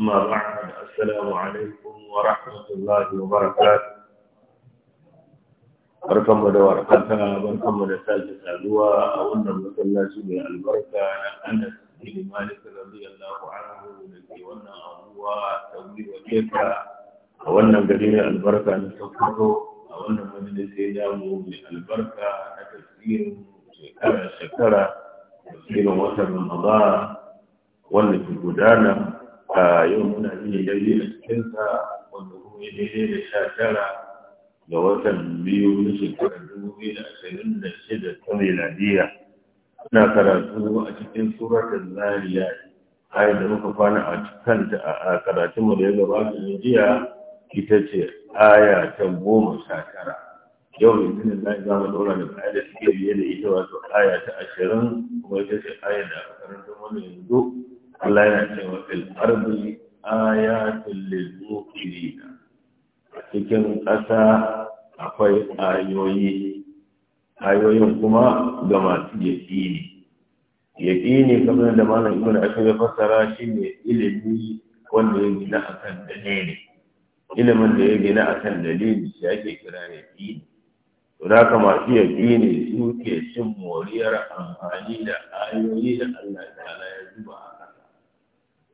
أما بعد السلام عليكم ورحمة الله وبركاته barkanmu da warhaka barkanmu da sake saduwa a wannan masallaci mai albarka na Anas bin Malik radiyallahu anhu da ke wannan abuwa ta gwiwa keka a wannan gari mai albarka na Sokoto a wannan majalisi ya mu mai albarka na tafsirin shekara shekara tafsirin watan Ramadan wanda ke gudana yau muna iya dare a cikinsa wanda kuma ya daidai da sha tara ga watan biyu na shekarar dubu biyu da ashirin da shida ta miladiya na karatu a cikin suratun zariya ayar da muka kwana a kanta a karatunmu da ya gabata na jiya ita ce aya ta goma sha tara yau mai izinin na za mu daura da aya da suke biye da ita wato aya ta ashirin kuma ita ce aya da a karatun wani yanzu Allah yana cewa fil ardi ayatul lil a cikin ƙasa akwai ayoyi ayoyin kuma ga masu yaƙini yaƙini kamar da malam ibn ashir ya fassara shine ilimi wanda ya gina akan dalili ilimin da ya gina akan dalili shi ake kira yaƙini to da haka masu yaƙini suke cin moriyar amfani da ayoyi da Allah ta'ala ya zuba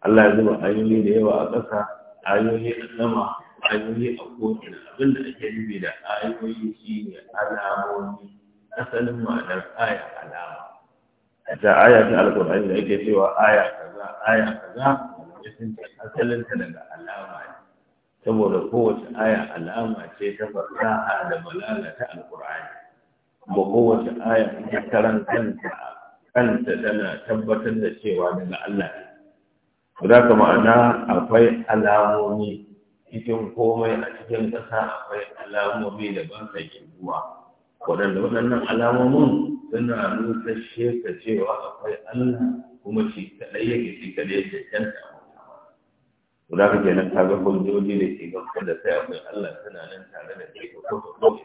Allah zuba ayoyi da yawa a ƙasa ayoyi a sama ayoyi a ko'ina abin da ake nufi da ayoyi shi ne alamomi asalin ma'anar aya alama ta aya ta alƙur'ani da ake cewa aya kaza aya kaza ya sun asalin ta daga alama ne saboda kowace aya alama ce ta fasaha da balala ta alƙur'ani kuma kowace aya ta karan kanta kanta tana tabbatar da cewa daga Allah ne Guda ka ma'ana akwai alamomi cikin komai a cikin ƙasa akwai alamomi da daban da girguwa. Waɗanda waɗannan alamomin suna nuna sheka cewa akwai Allah kuma shi kaɗai yake shi kaɗai yake canta. Guda ka kenan kaga hujjoji da ke gaskata sai akwai Allah suna nan tare da kai ko kuma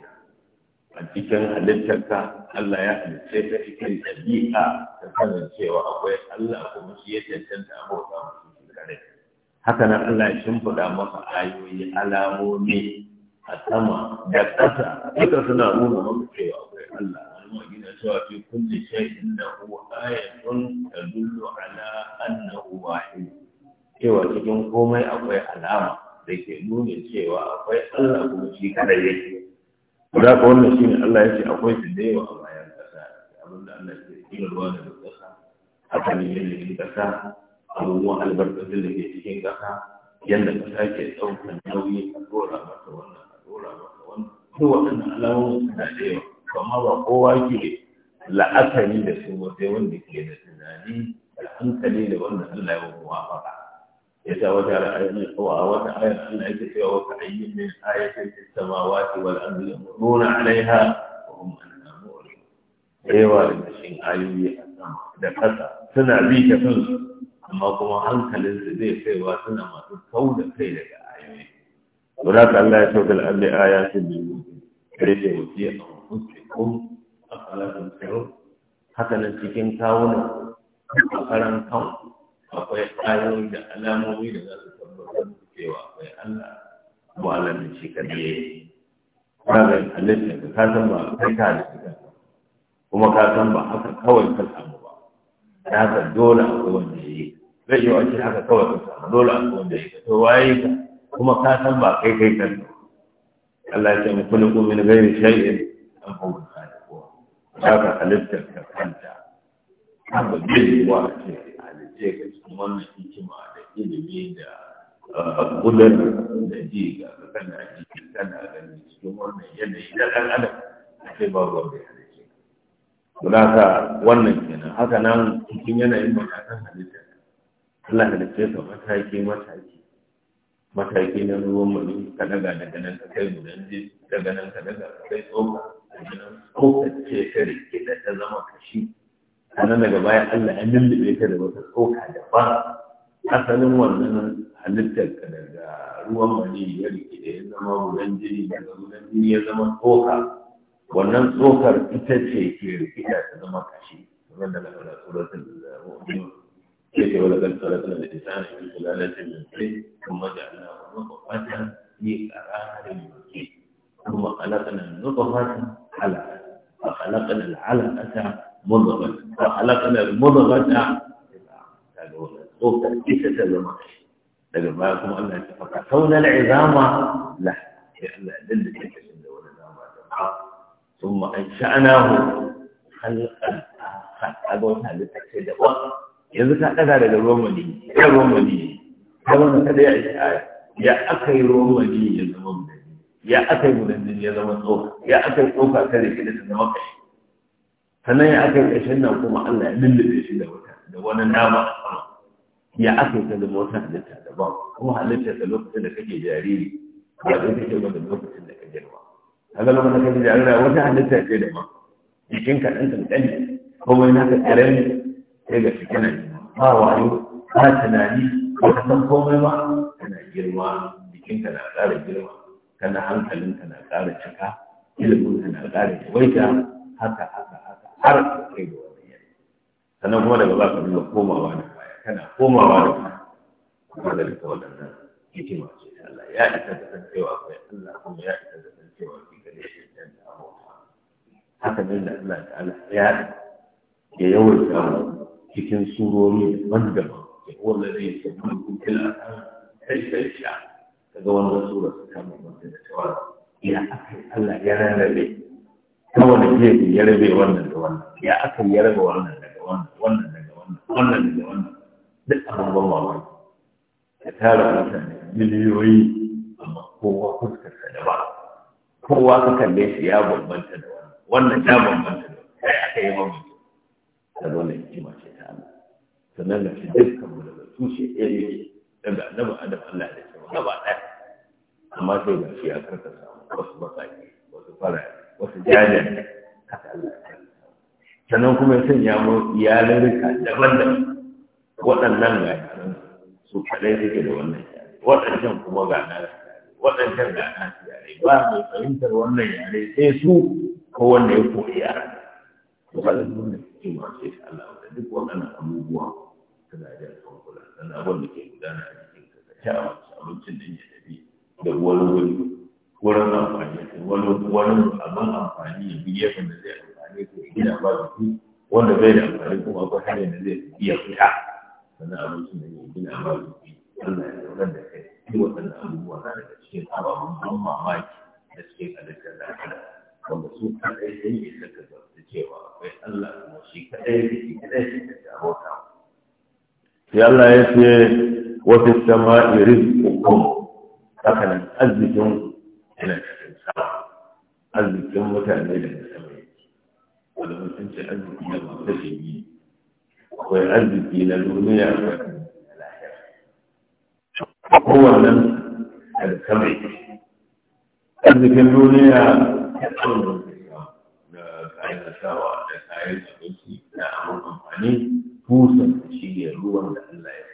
a cikin halittarka Allah ya halitta ta cikin ɗabi'a ta sanin cewa akwai Allah kuma shi ya cancanta a bauta masu shi Haka na Allah ya shimfiɗa maka ayoyi alamomi a sama da ƙasa duka suna nuna maka cewa akwai Allah. Amma gina cewa fi kulle shayin da huwa ayatun da ala annahu wahid. Cewa cikin komai akwai alama da ke nuna cewa akwai Allah kuma shi kare yake. guda ka wannan shi ne Allah ya ce akwai su da yawa a bayan ƙasa abinda Allah ya ce ruwa da ƙasa haka ne yanayin ƙasa abubuwan albarkatun da ke cikin ƙasa yadda ƙasa ke ɗaukar nauyi a dora maka wannan a dora maka wannan duk waɗannan alamomin suna da yawa amma ba kowa ke la'akari da su ba sai wanda ke da tunani da hankali da wannan Allah ya muwafaka إذا وجعل أيدي قوى وجعل أن أيدي قوى وكأي من آية في السماوات والأرض يمرون عليها وهم أنها مؤلمة أيوة المشين أيوة da ƙasa suna bi ta kansu amma kuma hankalin su zai kaiwa suna masu kau da kai daga ayoyi guda ta Allah ya sauka al'adda a ya su bi rike wuce a mafuske ko a falakun tsaro haka nan cikin kawunan a karan kawun akwai ayoyi da alamomi da za su tabbatar da cewa akwai Allah ko Allah ne shi kadai yake kaga halitta ka ka san ba kai ka halitta kuma ka san ba haka kawai ka samu ba da haka dole a wanda da yi zai yi wa haka kawai ka samu dole a wanda da yi to waye ka kuma ka san ba kai kai ka Allah ya ce mu kullu min ghairi shay'in an huwa khaliqu haka halitta ka kanta haka bai wa ce sai ga cikin wannan hikima da ilimi da uh, kudar da ji ga kana ji kana ganin cikin wannan yanayi na ɗan adam sai ba ruwan da yana ce guda wannan kenan haka nan cikin yanayin ba matakan halitta Allah halitta ka mataki mataki mataki na ruwan mani ka daga daga nan ka kai gudanji daga nan ka daga ka kai tsoka daga nan tsoka ce ta rike da ta zama kashi sannan daga baya Allah ya lullube ta da wata tsoka daban asalin wannan halittar ka daga ruwan mani ya rike da ya zama wurin jini daga wurin jini ya zama tsoka wannan tsokar ita ce ke rikida ta zama kashi kamar da na faɗa suratul mu'min ke ce wala kan suratul da isana in kulalatin min sai kuma da Allah wa mafafata ni qararin mutum kuma khalaqna nutfatan ala fa khalaqna al مضغة فخلقنا المضغة تأسيسة لما لكن معكم أن فكسونا العظام لحما لأن أدلة الجسد والعظام ثم أنشأناه خلقا آخر أقول هذا التكسيد yanzu ta ɗaga daga ruwan mani ya ruwan mani ta wani kada ya isa aya ya aka yi ruwan mani ya zama mudani ya aka yi mudani ya zama tsoka ya aka yi tsoka ta da shi da ta zama kashi sannan ya aka ƙarshen nan kuma Allah ya lullube shi da wata da wani nama a sama ya aka yi ta wata halitta daban kuma halittar da lokacin da kake jariri ya ɗaya take ba da lokacin da ka girma kaga lokacin da kake jariri wata halitta ce daban jikin ka ɗan kankani kuma yana ka ƙarami sai ga shi kana ba wayo ba tunani ba ka san komai ba kana girma jikinka na ƙara girma kana hankalinka na ƙara cika ilimin na ƙara yawaita haka haka har ka kai da wannan yare sannan kuma daga za ka dinga komawa da baya kana komawa da baya kuma da duka waɗannan hikima ce ta Allah ya isa da san cewa akwai Allah kuma ya isa da san cewa shi gare shi da abota haka ne da Allah ta'ala ya ya yawaita mu cikin surori daban-daban ya kowane zai samu kuntila a kai kai sha daga wannan sura ta kama wanda da cewa ya Allah ya rarrabe ta wani gefe ya rabe wannan da wannan ya aka ya rabe wannan daga wannan wannan daga wannan wannan daga wannan duk abin ban mamaki ya tara mutane miliyoyi amma kowa fuskarsa da ba kowa ka kalle shi ya bambanta da wannan wannan ya bambanta da wannan kai aka yi mamaki ta ya kima ce ta Allah sannan da shi dukkan mu daga tushe yi yake daga annabi adam Allah da shi ba ɗaya amma sai ga shi ya karkasa wasu matsayi wasu farare wasu jajen kasa Allah sannan kuma ya sanya mu iyalarika daban-daban waɗannan ga su kaɗai suke da wannan yare waɗancan kuma ga nasu waɗancan ga nasu yare ba mai fahimtar wannan yare sai su ko wanda ya koyi yara to Ba su ne su ma sai Allah wanda duk waɗannan abubuwa ta zaje da kwakwala sannan abin da ke gudana a cikin kasa ka abincin da ya tafi da wani wani wurin amfani wani wani abin amfani ya biyar da zai amfani ko gida ba jiki wanda zai da amfani kuma ko hanyar da zai iya fita sannan abincin da ya gina ba jiki Allah ya zaunar da kai shi waɗannan abubuwa na daga cikin ababen ban mamaki da suke halittar da hada wanda su kaɗai sun yi saka da cewa akwai Allah kuma shi kadai da shi kaɗai shi da jarota. Sai Allah ya ce wa fi sama'i rizqukum haka nan yana cikin sa arzikin mutane da na sama yake wanda mutum ce arziki na masu shi akwai arziki na duniya akwai na lafiya kowannen daga sama yake arzikin duniya ya tsoro da kayan sawa da kayan abinci da abin amfani busa shi ne ruwan da Allah ya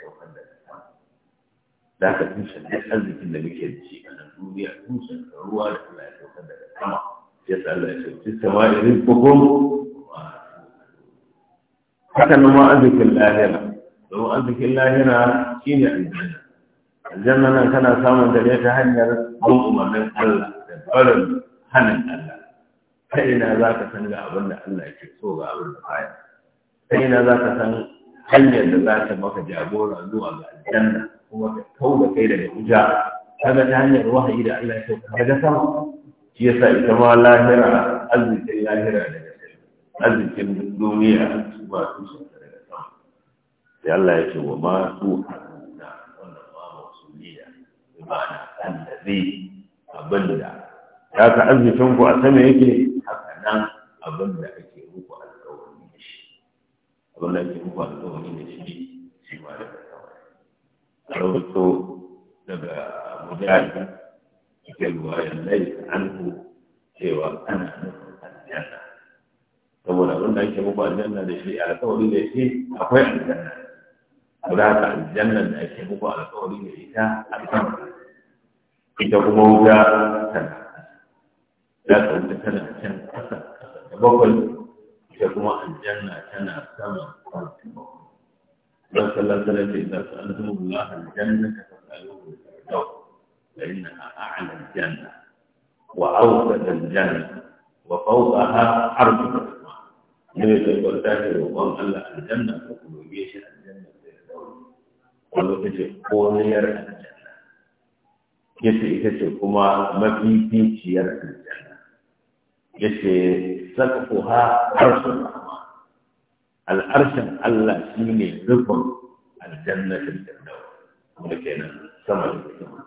但是同时呢，还是跟那个天气可能有点同时和我来说和那个什么，接下来说就什么也不够。حتى لو ما أذك الله هنا يعني لو أذك الله هنا كين الجنة الجنة أنا كنا سامن تلي تهجر مؤمن من الله فرد هن الله فإن ذاك سنع أبن الله يكسوه أبن الله فإن ذاك سنع هل يدلات مكجابون أدوى الجنة kuma ka kau da kai daga hujja kaga ta hanyar wahayi da Allah ya sauka daga sama shi yasa ita ma lahira arzikin lahira daga arzikin duniya su ba su sun daga sama sai Allah ya ce wa ma su da wannan ma mausuliya bi ma'ana allazi abinda ya ka arzikin ku a sama yake haka nan abin da ake muku alƙawari da shi Abin da ake muku alƙawari da shi shi ma daga رويته تبع مجاهد في الرواية ليس عنه سوى أنا الجنة saboda abin da ake muku aljanna da shi alƙawari da shi akwai aljanna saboda haka aljanna da ake muku alƙawari da ita aljanna ita kuma wuta tana za ka wuta tana can ƙasa da bakwai ita kuma aljanna tana sama kwanci bakwai don sallar da ce da sa'alhu Allah aljanna ka sa'alhu da fa innaha a'la aljanna wa awsat aljanna wa fawqaha ardu as-sama ne da kwanta roƙon Allah aljanna ko kuma ge shi aljanna da dawo wanda take koriyar ita ce kuma mafificiyar aljanna yace sakfuha arsuha الارشم الله سيني رفض الجنة الجنوة ولكن سمع الجنة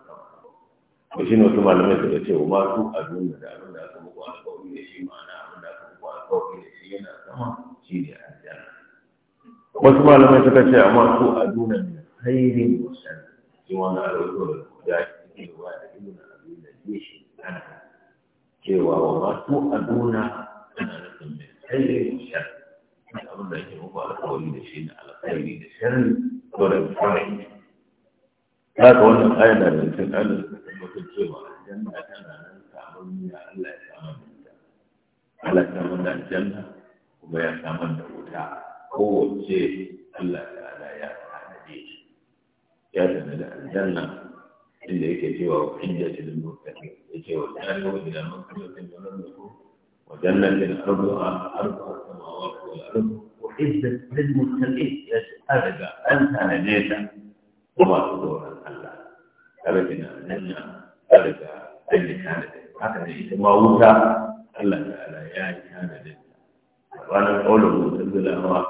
وشين وكما لم يكن يتشي وما هو أدون من أدون لكم وقالكم إلي شيء معنا أدون لكم وقالكم إلي شيء أنا سمع شيء الجنة وكما لم يكن يتشي وما هو أدون من خير وشن جوانا أرزول المجاجين وأدون أدون جيش أنا جوا وما هو أدون من da abin da ake muku alkawari da shi ne alkhairi da sharri ko da fara ta ka wannan ayan da da cikin ayan da suka tabbatar cewa aljanna tana nan samun ya Allah ya samar da ita Allah ya samar da aljanna kuma ya samar da wuta kowace Allah ta'ala ya shi. ya da aljanna inda yake cewa ce hujjatul muttaqin yake wa ta'ala wa da man da min وجنة أرضها أرض السماوات والأرض أعدت للمتقين أرجع أنت نجيت وما تدور عن الله أبدنا أننا أرجع أن كانت هكذا يسمى وتا الله تعالى يا كانت وأنا أقول المتزلة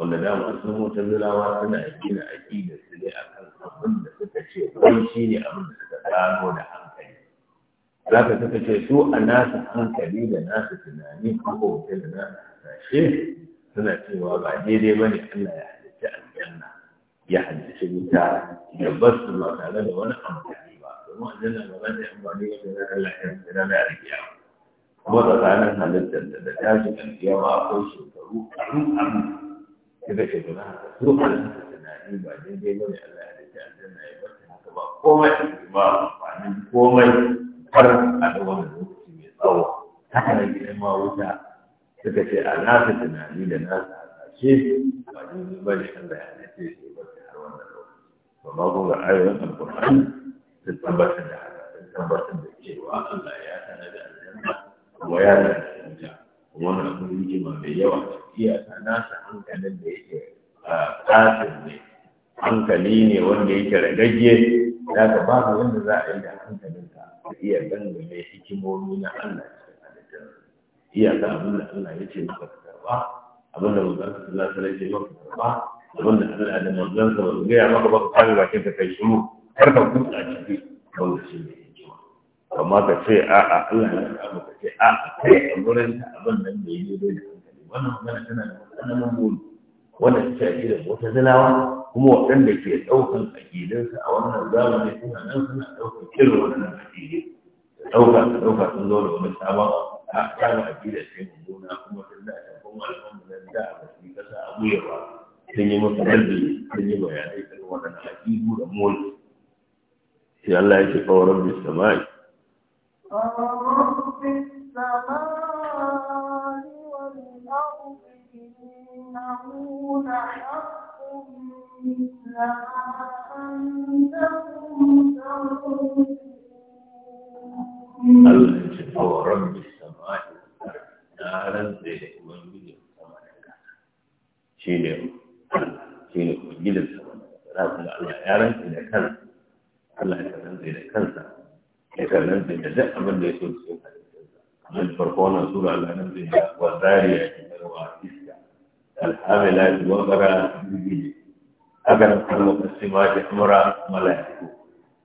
wanda dama sun mutazilawa suna gina aƙidar su ne akan abin da suka ce wai shi ne abin da suka gano da za ka suka ce su a nasu hankali da nasu tunani ko hoto da na hasashe suna cewa ba daidai ba ne Allah ya halitta aljanna ya halitta wuta ya basu su ba tare da wani amfani ba domin aljanna ba za ta yi amfani da na Allah ya halitta na alkiyama kuma tsakanin halittar da da tashin alkiyama akwai shekaru aru aru da shekaru haka su nasu tunani ba daidai ba ne Allah ya halitta aljanna ya basu haka ba komai ba amfani komai har a da wani lokaci mai tsawo haka na gidan ma wuta suka ce a nasa tunani da nasa hasashe ba ne ba ne kan da ya halitta shi ba ta har wannan lokaci ba ma ga ayoyin alkur'ani sun tabbatar da haka sun tabbatar da cewa Allah ya sanar da aljanna kuma ya sanar da wuta wani abu hikima mai yawa iya nasa hankalin da yake kafin ne hankali ne wanda yake ragagge ya ka ba wanda za a yi da hankalinka iya mai hikimomi na Allah iya ga abin da Allah ya ce maka karba abin da manzon Allah sallallahu alaihi wasallam ya ce maka karba abin da Allah da manzon sa ba ga maka ba ka ba ke ka kai shiru har ka a ciki kawai shi ne amma ka ce a a Allah ya ce maka ce a a kai a gurin ta abin nan da yi dai da wannan magana tana da wannan mun wannan ta ce da mutazalawa kuma waɗanda ke ɗaukan aƙidansa a wannan zamani suna nan suna ɗaukan irin wannan aƙidi da ɗauka da ɗauka sun zo da wani sabon a sabon aƙida sai mummuna kuma sun da a kuma al'umma nan da a basu ƙasa a gwiwa sun yi masa dalili sun yi bayanai kan wannan aƙidu da mulki sai Allah ya ce kawai rabbi samai rabbi samai wal ardi innahu la haqqun Allah ya ce a waron da sama na rantsa da ubangijin sama da kasa shi ne shi ne gidan sama da kasa da Allah ya rantsa da kansa Allah ya rantsa da kansa ya rantsa da duk abin da ya so cikin halittarsa kamar da farko wannan sura Allah rantsa da wa zariya da wa iska alhamila da wa bara bibi haka nan kuma lokacin ma ji amura mala'iku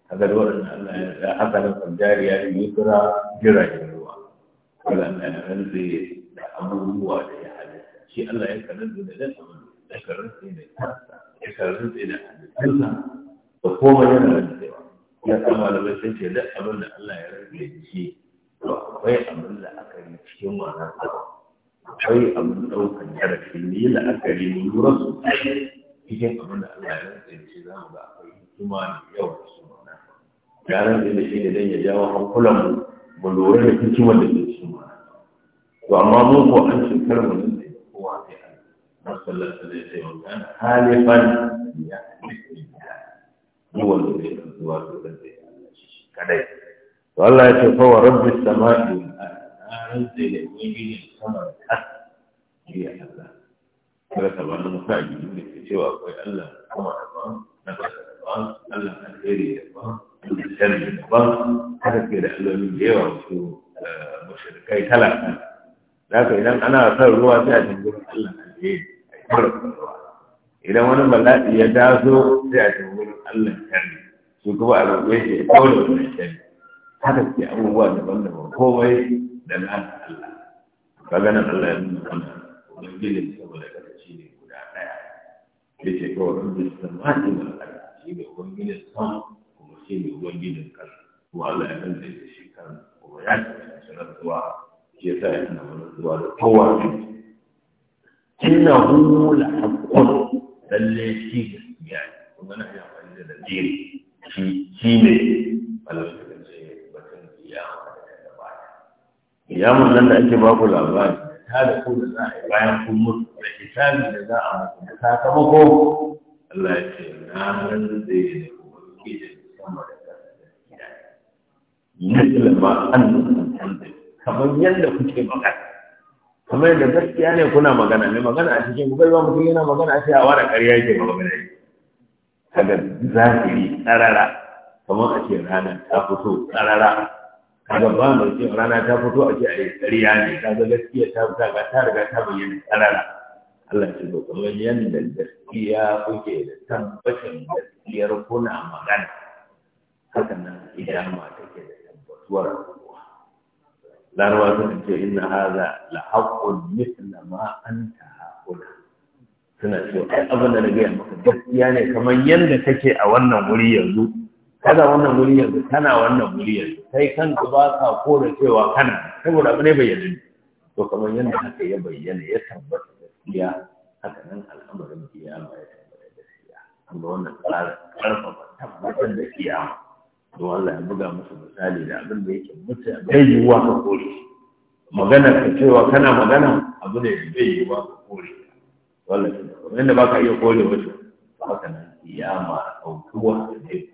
haka da wannan Allah haka nan kuma jariya da yusra jiragen ruwa wala na rantsi da abubuwa da ya halitta shi Allah ya karanta da dan sama ya karanta da kansa ya karanta da halittarsa da komai yana rantsewa ya kama da bai sace da abin da Allah ya rantsi shi to akwai abin da aka yi cikin wannan abu akwai abin daukan jarabi ne la'akari ne lura sosai cikin abin da Allah ya rantsa da shi za mu ga akwai hikima da yau da su mana ya rantsa da shi da dan ya jawo hankulan mu mu lura da hikimar da ke cikin mana to amma mu ko an shekara mu nan da kowa sai Allah sallallahu alaihi wa sallam kana halifan ya duk wanda zai rantsuwa to dan zai Allah shi kadai to Allah ya ce fa wa rabbis samai wal ardh na rantsa da ubangiji sama da ƙasa ya Allah kada ta ba nan sa biyu ne ke cewa akwai Allah kuma da na kasa da ba Allah alheri da ba Allah sharri da ba haka ke da allolin da yawa su eh, mushrikai talaka da haka idan ana son ruwa sai a tambayi Allah alheri a yi farkon ruwa idan wani bala'i ya taso sai a tambayi Allah sharri su kuma a roƙe shi ya kawo da wannan sharri haka ke abubuwa daban-daban komai da na Allah kaga nan Allah ya nuna mana ubangiji saboda yake kawai rabbi samani wal ard shi ne ubangijin sama kuma shi ne ubangijin ƙasa ko Allah ya kanta da shi kan kuma ya kanta zuwa, shi yasa ya wani zuwa da kowa ne innahu la haqqun lalle shi gaskiya ne kuma na yi amfani da dalili shi shi ne Allah ya kanta batun kiyama da ya kiyaman nan da ake baku labari kada ku da za a yi bayan kun mutu da hisabi da za a mutu da sakamako Allah ya ce na ran zai yi da kuma ke da sama da kasa da gida misali ma an nuna kamar yadda kuke magana kamar yadda gaskiya ne kuna magana ne magana a cikin gubar ba mutum yana magana a cikin awara kariya yake magana ne kaga zahiri tsarara kamar a ce rana ta fito tsarara kaga ba mai cin rana ta fito a ce a yi ƙarya ne kaga gaskiya ta fita ga ta riga ta bayyana karara Allah ce to kamar yadda gaskiya kuke da tabbacin gaskiyar kuna magana haka nan idan ma take da tabbatuwar abubuwa larawa suka ce inna haza la haqqun mithla ma anta haquna suna cewa ai abin da na gaya maka gaskiya ne kamar yadda kake a wannan wuri yanzu kana wannan wuri yanzu kana wannan wuri yanzu kai kanka ba ka kora cewa kana saboda abu ne bayyana to kamar yadda haka ya bayyana ya tabbata gaskiya haka nan al'amarin kiyama ya tabbata gaskiya amma wannan tsarin karfafa tabbatar da kiyama don Allah ya buga musu misali da abin da yake mutu bai yiwuwa ka kore magana ka cewa kana magana abu ne da bai wa ka kore wallahi kamar yadda ba ka iya kore wasu haka nan kiyama ɗauki wa da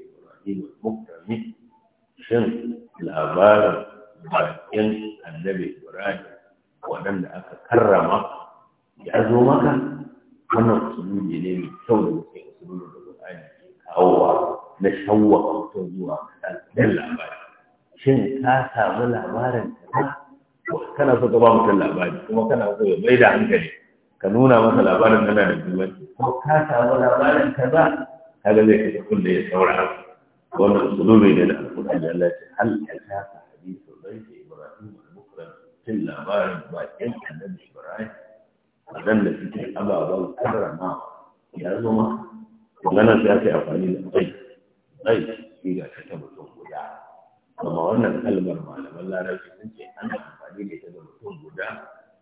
الدين المكرم شن الأبار بارين النبي وراجع ولم أتكرم كرم يعزمك أنا أسلم إليه شو أسلم له أنا أو نشوى أو تزوى كلا بارين شن كاسا ولا بارين وكان سطبا مثل الأبار وكان سطبا بعيد عن كذي كنونا مثل الأبار أننا نجمع وكاسا ولا بارين كذا هذا ليس كل شيء وانا اسلوبي da التي هل اتاك حديث ضيف ابراهيم المكرم الا بارد باكين النبي ابراهيم wadanda suke ababen karrama ya zama maganar da ake amfani da bai bai shi ga ta mutum guda amma wannan kalmar malaman larabci sun ce ana amfani da ta da mutum guda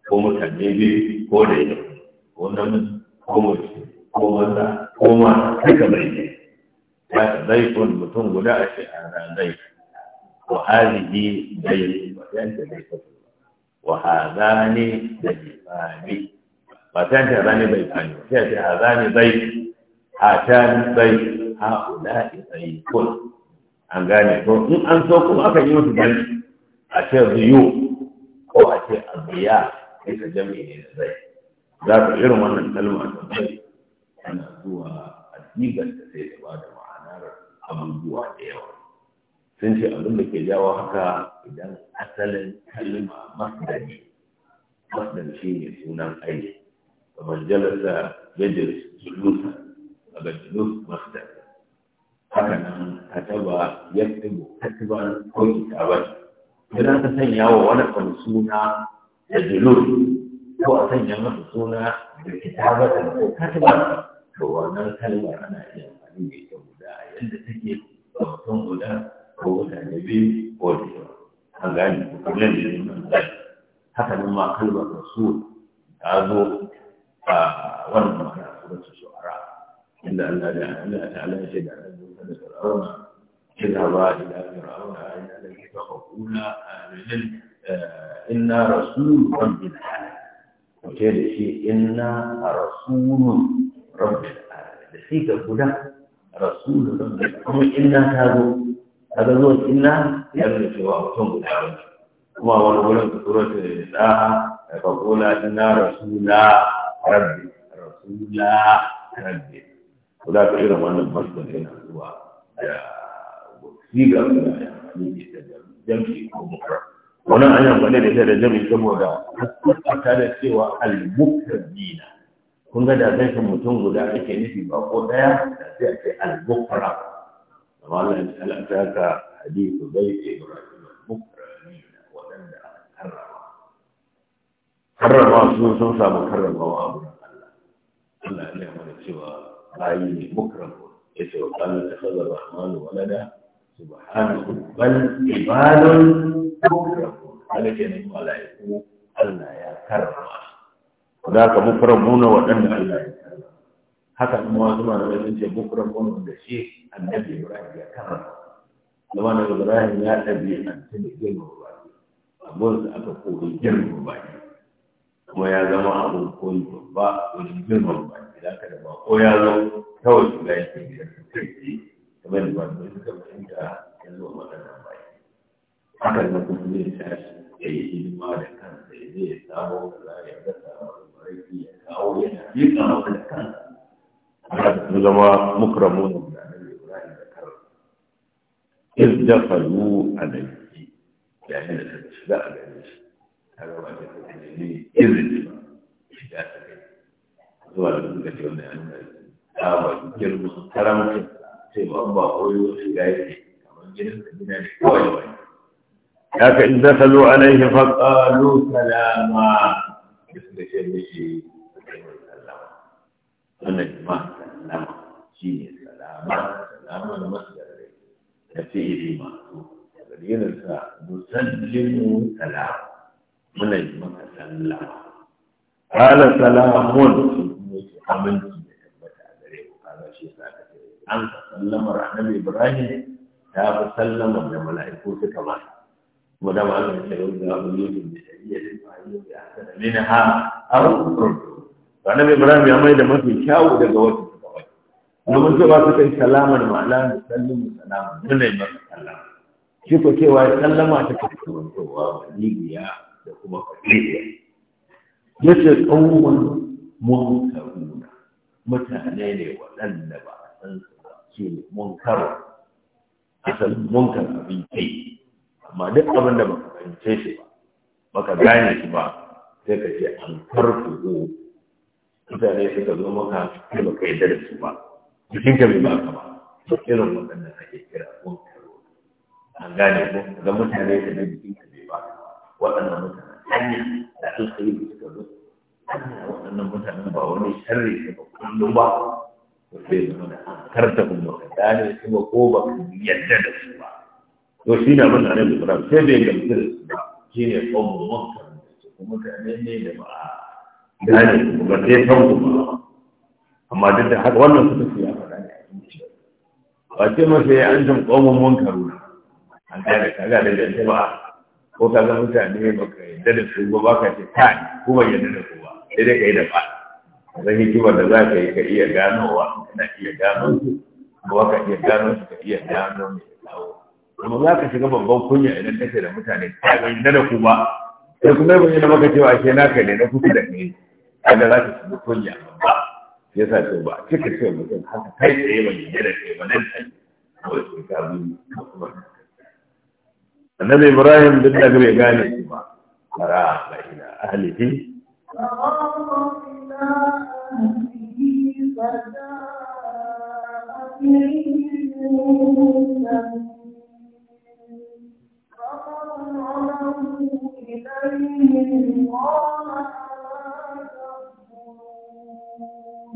ko mutane biyu ko da yau ko nan ko mace ko maza ko ma duka bai ne ya zaifun mutum guda a ce a zai wa hazihi zai wata zai wa hazani da jifani ba ta yanke hazani bai fani sai a ce hazani zai hatan zai haula zai kun an gane to in an so kuma aka yi musu zai a ce ziyu ko a ce abiya bisa jami'i ne da zai za ka irin wannan kalma ta zai ana zuwa a digar da sai da ba da abubuwa da yawa sun ce abin da ke jawo haka idan asalin kalma masdari masdar shi ne sunan aiki a jalasa yajlis julusa a julus masdar haka nan kataba yaktubu katiban ko kitaban idan ka sanya wa wani kan suna da julus ko a sanya masa suna da kitabatan ko katiban to wannan kalmar ana iya amfani da ita inda take a mutum guda ko mutane biyu ko da yawa an gane ko kamar yadda ne mun gane haka nan ma kalmar rasul ta zo a wannan magana suratul shu'ara inda Allah da Allah ta'ala ya ce da annabi Musa da Fir'auna اذهبا إلى فرعون أين الذي تخافون إنا رسول رب العالمين وكذا شيء إنا رسول رب العالمين da shi ga guda rasulun kuma inna ta zo a ga zuwan inna ya zai cewa mutum guda wani kuma wani wurin surat da da fakola ina rasula rabbi rasula rabbi ko da ka irin wannan masdar yana zuwa da sigar da ya amfani da jamshi ko mukra wannan an yi amfani da ita da jamshi saboda ta da cewa al-mukrabina kun ga da zai mutum guda ake nufi ba ko daya da sai a ce al-bukra kamar Allah ta ka hadithu bai Ibrahim al-bukra ne waɗanda aka karrama karrama su sun samu karramawa a wurin Allah Allah ya nuna mana cewa bayi ne mukram ya ce wa Allah ta kaza rahmanu walada subhanahu bal ibadun mukram Allah ke nan mala'iku Allah ya karrama da ka mufran muna waɗanda Allah ya karba haka kuma wasu na sun ce mufran muna da shi annabi Ibrahim ya karba zama na Ibrahim ya ɗabi a cikin girma ruwa. abun da aka koyi girma ruwa. kuma ya zama abun koyi babba wajen girma baki da aka da ba ko ya zo kawai ga yake biyar su kirki. kamar da ba su suka fahimta ya zo haka na kuma zai tashi ya yi hidima da kansa ya je ya samo kula ya ga samu sarki ya kawo ya rika masa da kansa zama mukramun da annabi Ibrahim da kar iz dafalu yayin da suka shiga a gare shi kaga ba ta kace ne shiga ta kai zuwa da suka ce wannan ya nuna tsawa girman karamcin sai ba ba koyo shiga yake kamar gidan da gida ne kawai ba haka in dakalu alaihi faqalu salama da suka ce mishi sallama wannan ma sallama shi ne salama salama na masu da rai na ce iri masu dalilin musallimu salam muna yi maka sallama kala salamun mutu aminci da tabbata a gare ku kaga shi sa ka ce an ka sallamar annabi ibrahim ta fi sallamar da mala'iku suka mata kuma da ma'anar da yau da abu yau da biyadin fa'il bi ahsana minha aw ruddu annabi ibrahim ya mai da mafi kyawu daga wata kawai domin cewa suka yi salaman wa ala musallimu salaman nuna yi masa sallama shi ko cewa ya sallama ta kasancewa waliya da kuma kwaliya ya ce tsawon munkaruna mutane ne waɗanda ba a san su ba ce munkar asalin munkar abin kai amma duk abin da ba ka fahimce shi ba baka gane shi ba sai ka ce an farko mutane suka zo maka sai baka yarda da su ba jikin ka bai baka ba irin waɗannan ake kira ko an gane ko ga mutane da na jikin ka bai baka waɗannan mutane hanya da alkhairi suka zo waɗannan mutanen ba wani sharri ne ba kullum ba sai zama da an karta kuma baka gane su ba ko baka yarda da su ba to shi na mutane da sai bai gamsu da su ba shi ne ƙaunar makka kuma mutane ne da ba a gane kuma ba sai san kuma amma duk da haka wannan suka ce ya faɗa ne a shi ba ce masa ya an jin ƙaunar munkaru na an gane ka kaga da jama'a ko ka ga mutane ba ka yadda da su ba ka ce ta kuma ba yadda da su ba sai dai ka yi da ba zan hikimar da za ka yi ka iya ganowa kana iya gano su ba ka iya gano su ka iya gano mai kawo amma za ka shiga babban kunya idan ka ce da mutane ta yadda da ku ba sai kuma yi bayyana maka cewa ke naka ne na kuka da ne Kada za ka shiga kunya ba ya sa ce ba cika ce mutum haka kai tsaye bayyana da kai ba nan tsaye kawai sun ka bi annabi ibrahim duk da bai gane shi ba fara la ila ahlihi Thank you.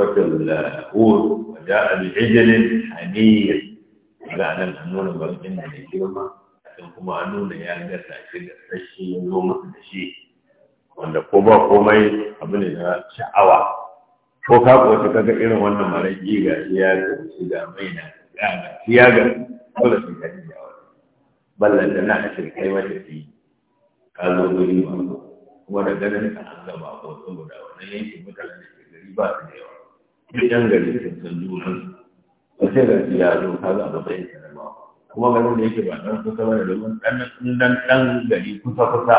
سورة الهود وجاء بعجل حنير ga nan an nuna bakin da ya girma don kuma an nuna ya gasa shi da sashi ya zo masa da wanda ko ba komai abu ne na sha'awa ko ka kwace kaga irin wannan maraƙi ga shi ya ga shi ga mai na ga ya ga dole sai ka ji yawa ballan da na ashe mata shi ka zo guri ba kuma da ganin ka an gaba ko saboda wannan yankin mutane da ke gari ba su da yawa duk yan gari sun san junan wace gari ya zo ka ga matsayin sa ma kuma garin da yake ba dan kusa bane domin dan dan dan gari kusa kusa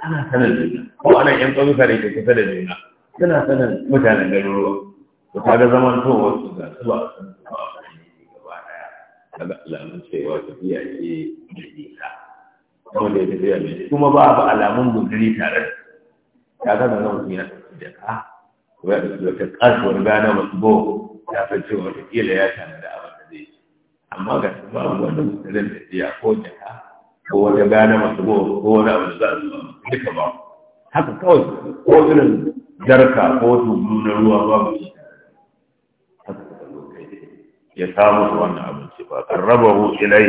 ana sanin juna ko ana yan ƙauyuka da ke kusa da juna suna sanin mutanen garuruwa ta ga zaman to wasu ga su ba san su ba gaba daya kaga alamun cewa tafiya ke da nisa kuma da tafiya mai kuma ba ba alamun guduri tare da kaga da nan mutum yana da ka kuma ya ɗauki wata ƙasuwar gana masu bo ya fa cewa watakila ya tana da abin da zai yi amma ga su ba wanda mutanen da ya ko jaka ko wata gana masu bo ko wani abu da za su duka ba haka kawai ko irin jarka ko tulu na ruwa ba babu shi ya samu su wannan abinci ba karrabahu ilai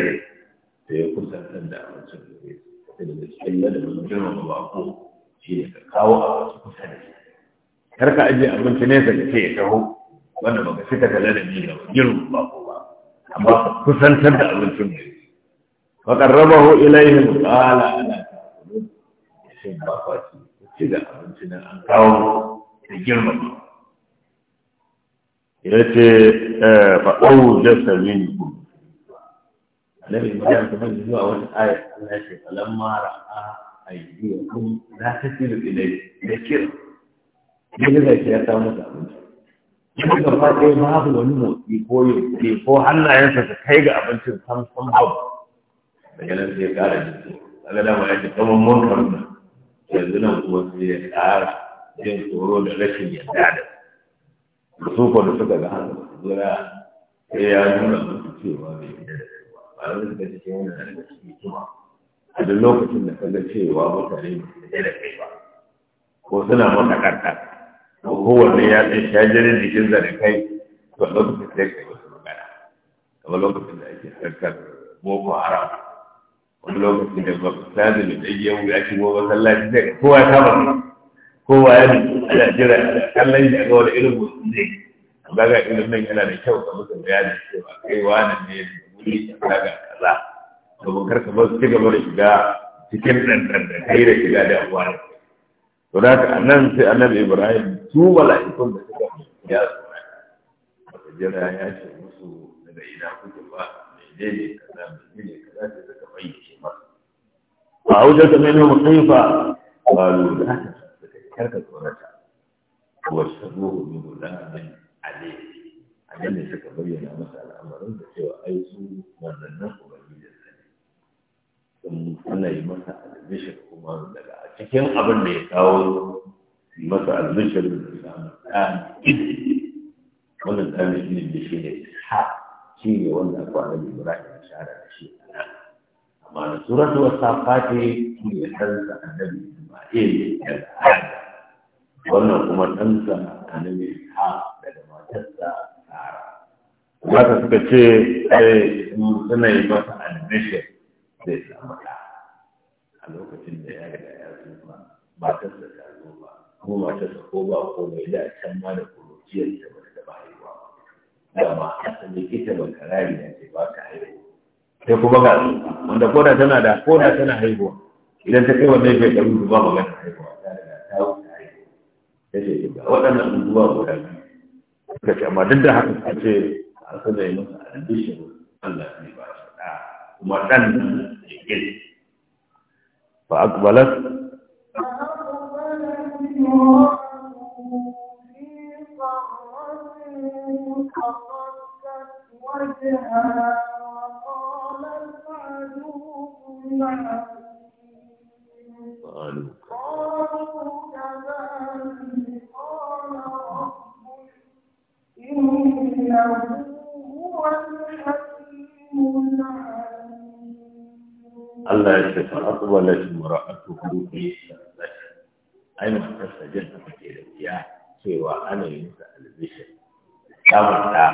da ya kusantar da abincin da ya da shi da mutum ba ko shi ne ka kawo abinci kusa da shi kar ka ajiye abinci nesa ka ce ya taho wanda ba ka cika da ladabi da girma ba ko ba amma ka kusantar da abincin ne fa qarrabahu ilayhim qala ana ta'kulun sai ba ka ci ci da abincin nan an kawo da girma ya ce fa awjasa minkum النبي المجاهد تفجد هو أول آية الله شيء فلما رأى أيديكم لا تسير إليه ذكر ya ga shi ya samu da abinci duk gaba ɗaya babu wani motsi ko yunkuri ko hannayensa su kai ga abincin sam sam babu daga nan sai ya ƙara jiki daga dama ya ce kamar mun karna yanzu nan kuma sai ya ƙara jin tsoro da rashin yarda da su ko da suka ga hannu zura sai ya nuna musu cewa bai yarda da su ba ba da suka ce yana da cikin hikima a duk lokacin da ka ga cewa mutane ba su yarda da kai ba ko suna maka ƙarƙar to kowanne ya ɗan shajarin jikin da kai to lokacin da kai wasu magana kamar lokacin da ake harkar boko haram wani lokacin da ba sami mai ɗage mu ya shigo sallaci sai kowa ta ba kowa ya bi ana jira ana kallon shi a ga wani irin ne zai kaga irin nan yana da kyau ka musu bayani cewa kai wani ne wuri kaga kaza domin kar ka su ci gaba da shiga cikin ɗanɗan da kai da shiga da abuwa to da haka nan sai annabi ibrahim su mala'ikun da suka ya su jira ya ce musu daga ina kuke ba mai ne kaza mai ne kaza ce suka bayyana mai nuna aujata minhum lura qalu la karka tsorata wasaruhu bi a nan ne suka bayyana masa al'amarin da cewa ai su wannan nan ubangijin sa ne sun ana yi masa albishir kuma daga cikin abin da ya kawo masa albishir da samun ɗan wannan ɗan shi ne da shi ne ha shi ne wanda kwanan ibrahim da shara da shi a nan amma da suratu wa safati shi ne ɗansa annabi isma'il ya al'ada wannan kuma ɗansa a annabi ha daga matarsa tsara. Mata suka ce suna yi masa albishir zai samu ɗa a lokacin da ya riga matarsa ta zo ba kuma matarsa ko ba ko mai da can ma da kurociyar ta ba ta ba haihuwa dama asali ita ba karari da ce ba ta haihu sai kuma ga wanda koda tana da koda tana haihuwa idan ta kai wannan shekaru ba magana haihuwa ta da ta wuce haihuwa ta ce ga waɗannan abubuwa guda biyu suka ce amma duk da haka suka ce an sanya yi masa a albishin Allah ne ba shi da kuma ɗan da ke fa akbalat Allah ya ce fa aqbalat imra'atuhu ainihin kansa jin haka ke da wuya cewa ana yi masa albishir samun ta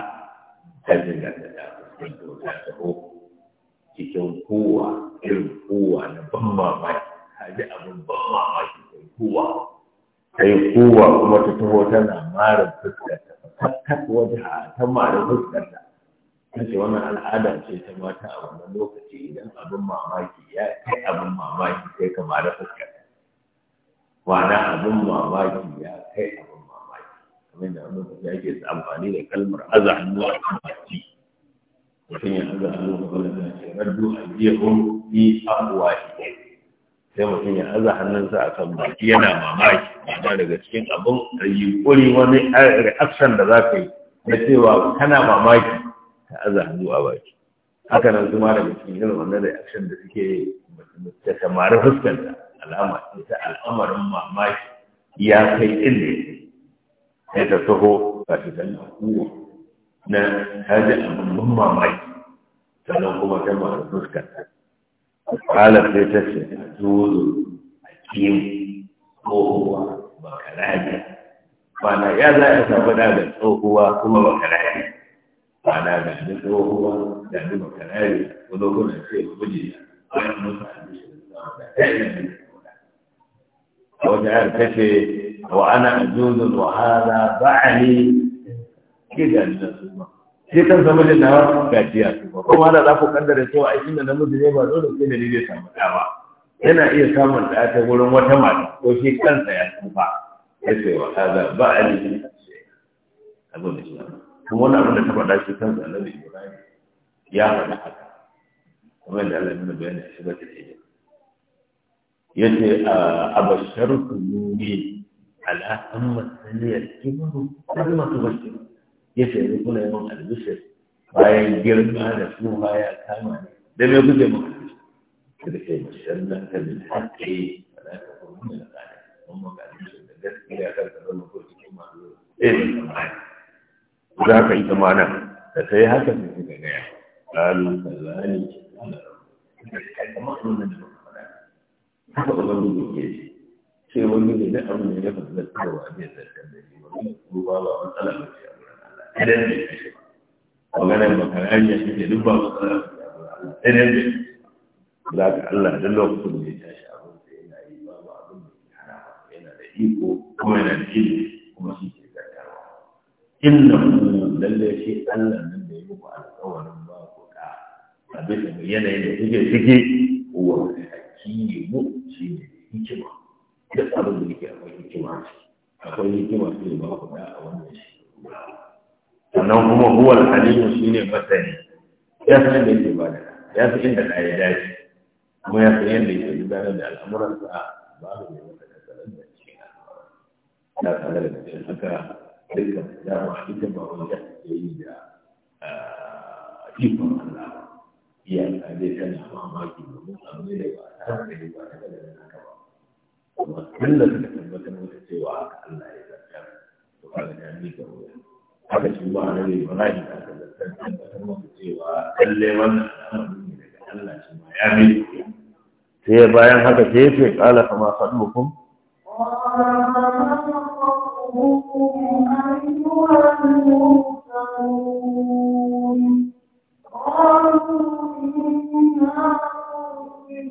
kallon da ta da fuskanta ta taho cikin kowa irin kowa na ban mamaki haji abin ban mamaki cikin kowa ta yi kowa kuma ta taho tana mara fuskanta fattak wata ta mara fuskanta ta ce wannan al'adar ce ta mata a wannan lokaci idan abin mamaki ya kai abin mamaki sai ka mara fuskar wana abin mamaki ya kai abin mamaki kamar da wani lokaci ake amfani da kalmar aza hannu a cikin baki mutum ya aza hannu a wani da ke raddu a a kuwa abuwa sai mutum ya aza hannunsa a kan baki yana mamaki amma daga cikin abin kuri wani reaction da za ka yi na cewa kana mamaki ka aza hannu a baki haka nan kuma daga cikin irin wannan reaction da suke da samari fuskanta alama ita al'amarin mamaki ya kai ilmi ya kai ta taho ga shi ta kuwa na ta abubuwan mamaki sannan kuma ta masu fuskanta halar sai ta ce a zuzu a kiyin tsohuwa ba kalaje bana ya za a sabu na da tsohuwa kuma ba kalaje bana ga da tsohuwa da ni ba kalaje wani kuna ce mijina wani mutane shi da a wata yar kace wa ana ajuzun wa hada ba'ali kida da suma sai kan zama da nawa gajiya kuma kuma da za ku kaddara cewa ai inda namiji ne ba dole sai da ni zai samu dawa yana iya samun da ta wurin wata mata ko shi kansa ya tsufa ya ce wa hada ba'ali abin da shi kuma wani abin da ta faɗa shi kansa annabi Ibrahim ya faɗa haka kamar da Allah ya nuna bayani a shigar da shi yace a bashartu ne ala amma ya zama kalma tu bashir yace yanzu kuna yawan albishir bayan girma da tsuha ya kama ne da me kuke muku kada kai mashallah ka bil yi wala ta kuma da kada kuma ka da gaskiya kar ka zama ko cikin malu eh za ka yi ma nan da sai haka sai ka ga ya qalu kallani ala rabbika kamar nan da haka ubangiji ke sai wani ne abin da ya fi da shi wani ruwa ba wani tsala ba ce a wurin ba shi ne ba tsala ba Allah idan ba za ka Allah duk lokacin da ya tashi yana yi ba ba da hana yana da iko kuma yana kuma shi ke zartarwa inna lalle Allah nan da ya muku alƙawarin ba ku da yanayin da kuke ciki shi ne mu shi ne hikima duk abin da yake akwai hikima akwai hikima shi ne ba ku da a wannan shi sannan kuma huwa halimu shi ne masani ya san da yake ba da ya san inda da ya dace kuma ya san yadda yake gudanar da al'amuransa ba mu ne wata nasarar da cikin al'amuran ya sanar da cikin haka dukkan dama ita ba wani ya yi da ah, ikon Allah iyaka zai tana mamaki domin abu ne da ba a hankali ba ta da haka ba kuma tun da suka tabbatar ta cewa haka Allah ya zartar to kaga ta mika wuya haka shi ba a rage ba zai ta ka zartar tabbatar mata cewa lalle wannan ne daga Allah shi ma ya mika sai bayan haka sai ya kala kama faɗukum قالوا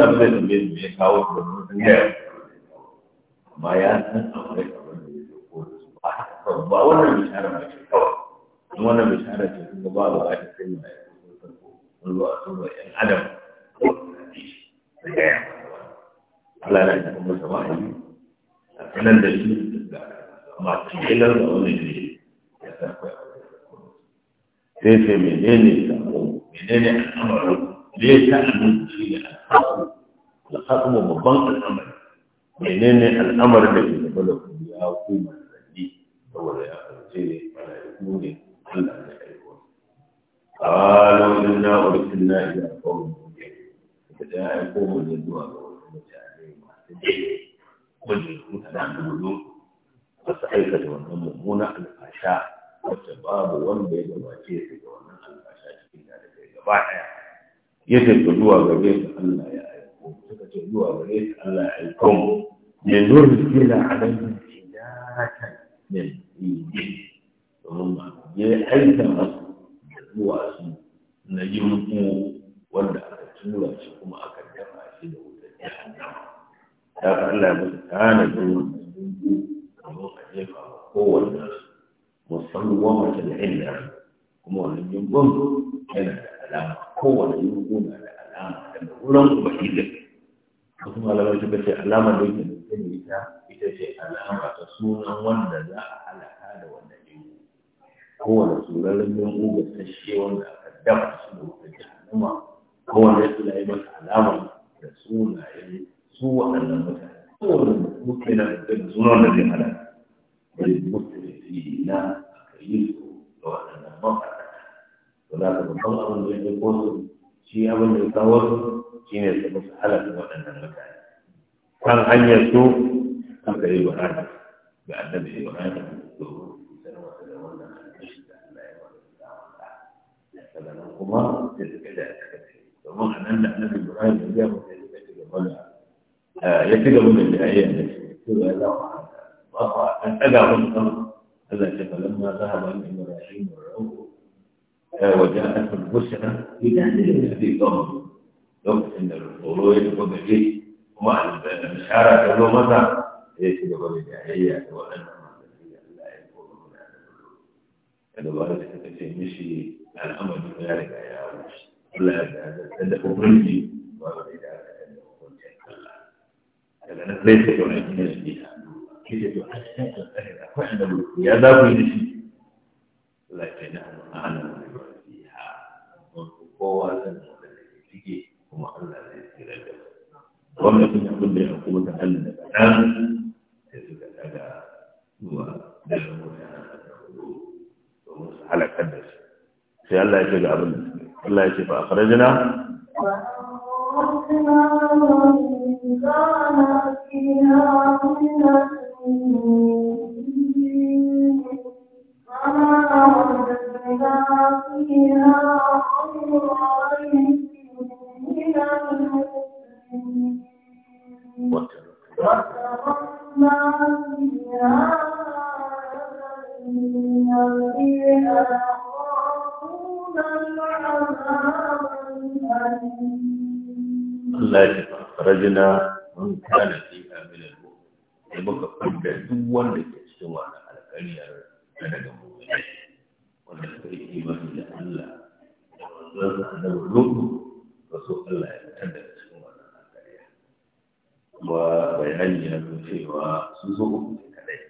da ba zai tambaye su ya kawo su da sun gaya amma ya san akwai abin da ya ko ba wannan bishara ba ce kawai don wannan bishara ce sun ga ba ba ta sai ma ya ko sun ko zuwa sun yan adam Allah na ta kuma sama ne a kanan da shi da amma kilan da wannan ne ya san akwai ko sai sai menene sako menene al'amarin da ya sha abin kuma babban al'amari menene al'amari da ke gaba da ku ya ku manzanni saboda ya karce malaiku ne Allah ya aiko qalu inna ursilna ila qaumin mujrimin da ya aiko mu ne zuwa ga wasu mutane masu dai wajen mutane da gudu wasu aikata wannan mummuna alfasha wacce babu wanda ya gabace su ga wannan alfasha cikin da daga gaba daya yadda zuwa gare su Allah ya suka ce zuwa gare su Allah ya aiko mu ne nursila alaihi silatan min ibin domin ba ya aika masu da zuwa su na yi yunfu wanda aka tura shi kuma aka dafa shi da wutar jahannama ta ka Allah ya musu tana zuwa domin a jefa kowanne musamman wata da inda kuma wani yunkun yana da alama kowane yunkun na da da daga da ubangijin wasu malamai suka ce alama da yake da ita ita ce alama ta sunan wanda za a halaka da wanda ne kowane suraren min uga sashe wanda aka dafa su da wata jahannama kowane suna yi masa alama da sunayen su waɗannan mutane kowane mutum na da sunan da zai halaka da mutum da fi na aka yi su da waɗannan mafarka. Wanda aka babban abin da ya ko su shi abin da kawo shi ne su musu halaka waɗannan mutane kan hanyar su kan kare ibrahim ga annabi ibrahim domin sanin wata da wannan alƙashi da allah ya wani tsawa daga nan kuma sai suka da suka ce domin a nan da annabi ibrahim ya gaya mutum ya ci gaba da ya ci gaba da jayayya da shi su ga za ku haka ba ku an ɗaga musu kan Allah ce falamma zahaba min ibrahim wa rahu وجاءت البشرى لتهدئ النبي قومه لو ان الغلو يدخل فيه وما البشارة له متى يجب بالداعية وأن لا يكون هناك غلو هذا الله في مشي الأمر بذلك يا مشي قل هذا أبرزي وإذا كانت ليست هناك فيها كيف تحسن الأهل فعلا يا ذا لكنه أعلم kowa zan abin da ke ciki kuma Allah zai tsira da mu wannan kun abin da ya kuma ta Allah da kaɗan sai suka daga zuwa daga mutane da hudu domin su halakar da su sai Allah ya ce ga abin da suke Allah ya ce fa akhrajna Thank you. إذا فيها خير من المسلمين وتركنا فيها الذين فيها خافون العذاب Allah ya farajina mun kana fi amilal mu'min sai muka fadda duk wanda ke cikin wannan alƙaryar daga mu'minai wanda suka yi imani da Allah da da ba so Allah ya fitar da cikin wannan hankaliya kuma bayani ya nuna cewa su so uku ne kadai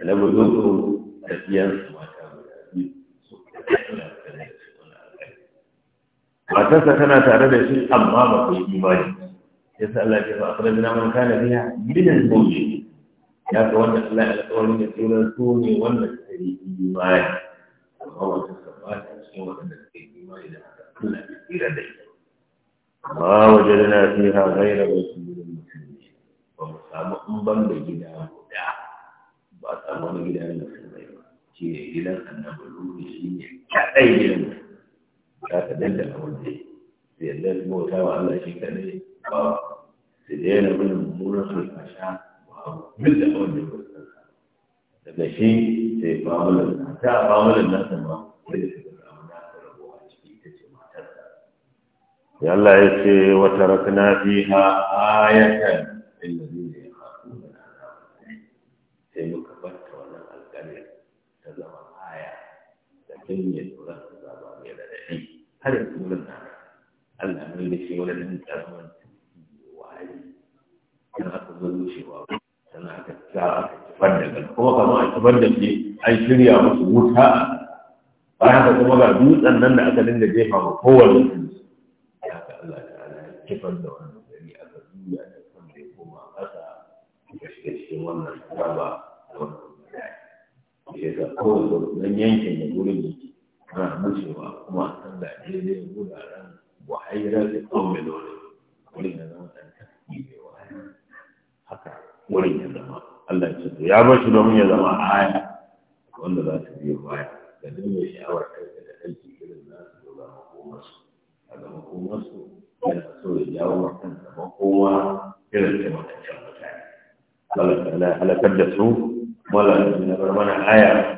da na rubu da iyansu mata guda biyu su kadai suna da cikin wannan hankali matarsa tana tare da shi amma ba ku yi imani yasa Allah ya fa akhrajna man kana fiha gidan al ya ga wanda Allah ya alƙawarin da cewa su ne wanda suka yi imani mawacin wata ba ta cikin waɗanda suke imani da haka Allah ya tsira da ita ma wajadna fiha ghayra rasulil muslimin ba mu samu in ban da gida guda ba a samu wani gida na musulmai ba shi ne gidan annabi ruhi shi ne kaɗai gidan ta ka danda a wanda sai yadda bauta wa Allah shi kaɗai ba su daina bin mummunan sulfasha ba duk da wanda ba daga shi sai ba mu hatta mamulin nan din ma sai da suka samu na ciki ita ce matarsa sai Allah ya ce wa tarakna fiha ayatan lillazina yakhafuna sai muka barta wannan alƙalin ta zama aya da kin yi tsoron ta zama mai radadi har yanzu mun na Allah mai da shi wani dan karamin wari kan aka zo cewa tana da ta kifar da kai kuma kamar a kifar da ke an shirya musu wuta ba haka kuma ga dutsen nan da aka dinga jefa ma kowane dutse ya ka Allah ta'ala ya kifar da wannan gari aka juya da kan da ya koma ƙasa ya shiga cikin wannan raba da wannan ya ga kowane nan yankin da gurin yake ana wucewa kuma a san da daidai wuraren buhairar da kawai dole gurin da zama to ya bar shi domin ya zama aya wanda za su biyo baya da dinga sha'awar kanka da aiki irin na su ga makomarsu a ga makomarsu yana so ya jawo wa kanka makoma irin taimakon mutane Allah ta halakar da su wala na bar mana aya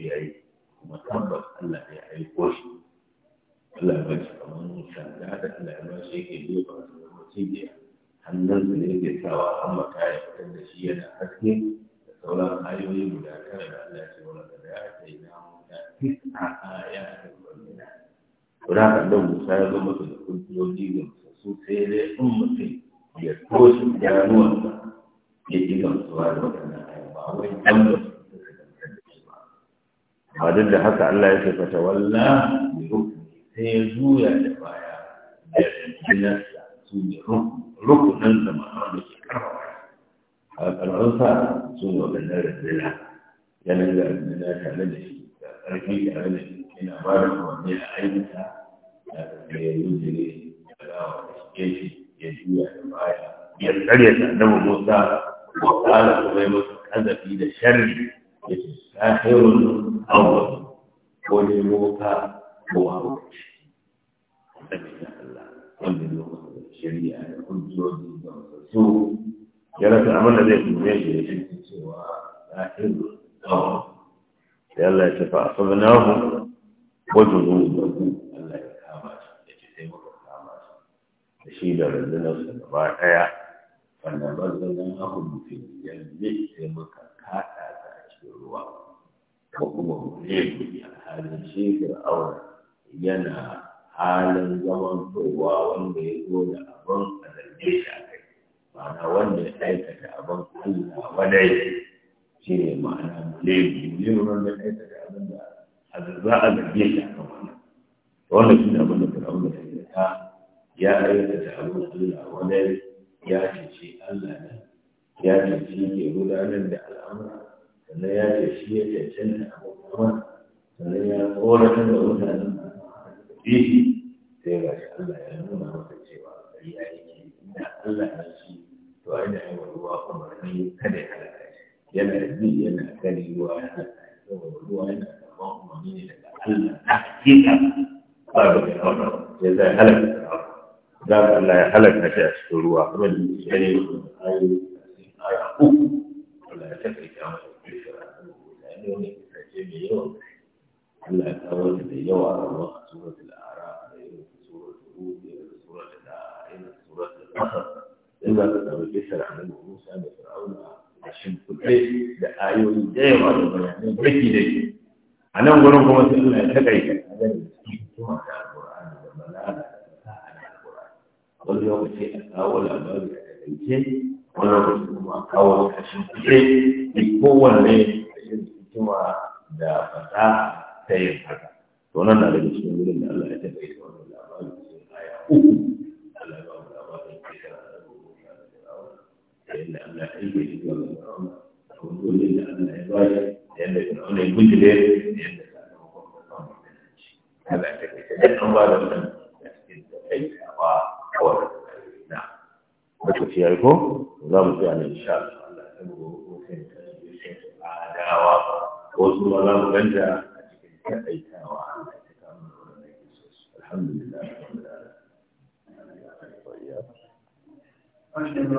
ya yi kuma tabbas Allah ya aiko shi Allah ya bashi kamar sanda da Allah ya bashi yake jefa su da mutum hannun ne yake sawa an maka ya fitar da shi yana haske da sauran ayoyi guda tara da Allah ya ce wala da ya ce na muta tis'a ayatin bayyana to da haka don Musa ya zama da hujjoji ga su sai dai in mutum ya toshe ganuwansa ya ƙi gamsuwa da waɗannan ayoyi ba wai tabbas ba duk da haka Allah ya ce fata walla bi rukuni sai ya juya da baya da jinarsa su ne rukunan da ma'ana da ke karfafa a ƙarfansa su ne da rindina yanayin da rindina tare da shi da ƙarfi tare da shi yana ba da kowanne a aikata da ya yi jire da gawa da shi ya shi ya zuya da baya ya tsare ta annabi Musa ko ƙara kuma yi musu ƙazafi da sharri yake sahirun awwal ko ne loka ko haukaci saboda Allah wanda lokacin shari'a da hujjoji da su ya rasa abin da zai tume shi ya shi cewa sahirun awwal sai Allah ya tafi asabnahu wa junubahu Allah ya kama shi ya ce sai muka kama shi da shi da rundunar sa gaba daya wannan bazan nan ahu mutum ya ne sai muka ruwa ko kuma ya alhalin shi aure, yana halin zaman kowa wanda ya zo da abin a zarge shi a kai ma'ana wanda ya aikata abin Allah wadai shi ne ma'ana mulemi mulemi wanda ya aikata abin da za a zarge shi a kan wannan wannan shi ne abin da fir'auna ya aikata ya aikata abin Allah wadai ya cece Allah ne ya cece ke gudanar da al'amura sannan ya ce shi ya cancanta abubuwan sannan ya tsoratar da mutanen bihi sai ga shi Allah ya nuna masa cewa gari ya yi inda Allah ya shi to ai da yawan ruwa umarni kada ya halaka shi yana ji yana gani ruwa ya halaka shi ruwa yana karɓar umarni ne daga Allah na hakika ba da ya hauna ya zai halaka za ka Allah ya halaka shi a cikin ruwa kuma da ya yi ayoyi a cikin aya uku Allah ya taƙaita masa ne mai yawan da Musa Fir'auna a ke gurin kuma sai Allah ya da da da da a kawo labari a wani lokaci kuma a kawo kashin kuɗe duk kowanne da hikima da fata ta yin haka to nan na daga cikin wurin da Allah ya taɓa yi da wannan labarin cikin aya uku Allah ya ba mu labarin kisan da yadda Allah ya yi da zuwa ga Fir'auna da wani da Allah ya ba da yadda Fir'auna ya gujire da yadda ya da ba mu da shi Allah ya taɓa yi da ɗan ba da wannan da cikin da kai a ba kawai lokaci ya yi ko za mu tsaya ne insha Allah adawa wasu ma za mu ganta a cikin kaɗaitawa Allah ya kama da wurin aiki sosai alhamdulillah Thank you.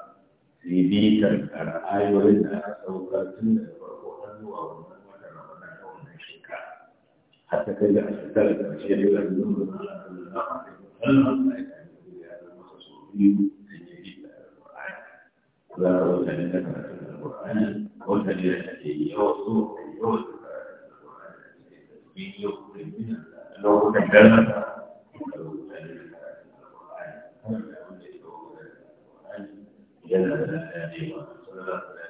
bibitar ayoyin da aka sauka tun daga farko har zuwa wannan wata ramadan na wannan shekara har ta kai ga shekarar ƙarshe da ya zama da ya zama sau biyu da ke yi da Al-Qur'ani. Za a wata ne da karatun Al-Qur'ani, wata ne da ke yi yawa so da yawa da karatun Al-Qur'ani da ke yi yau da yi na lokutan da 对吧？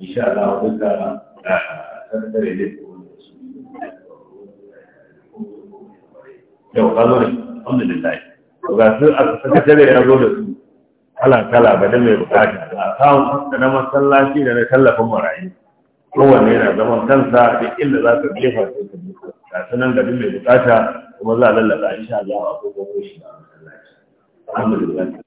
insha Allah duka da tattare da su yau ka zo ne alhamdulillah to ga su a sakatare ya zo da su kala kala ba da mai bukata da akawun da na masallaci da na tallafin marayu kowanne yana zaman kansa da inda za ka jefa sai ka ga su nan gari mai bukata kuma za a lallaka insha Allah a kogon shi a masallaci alhamdulillah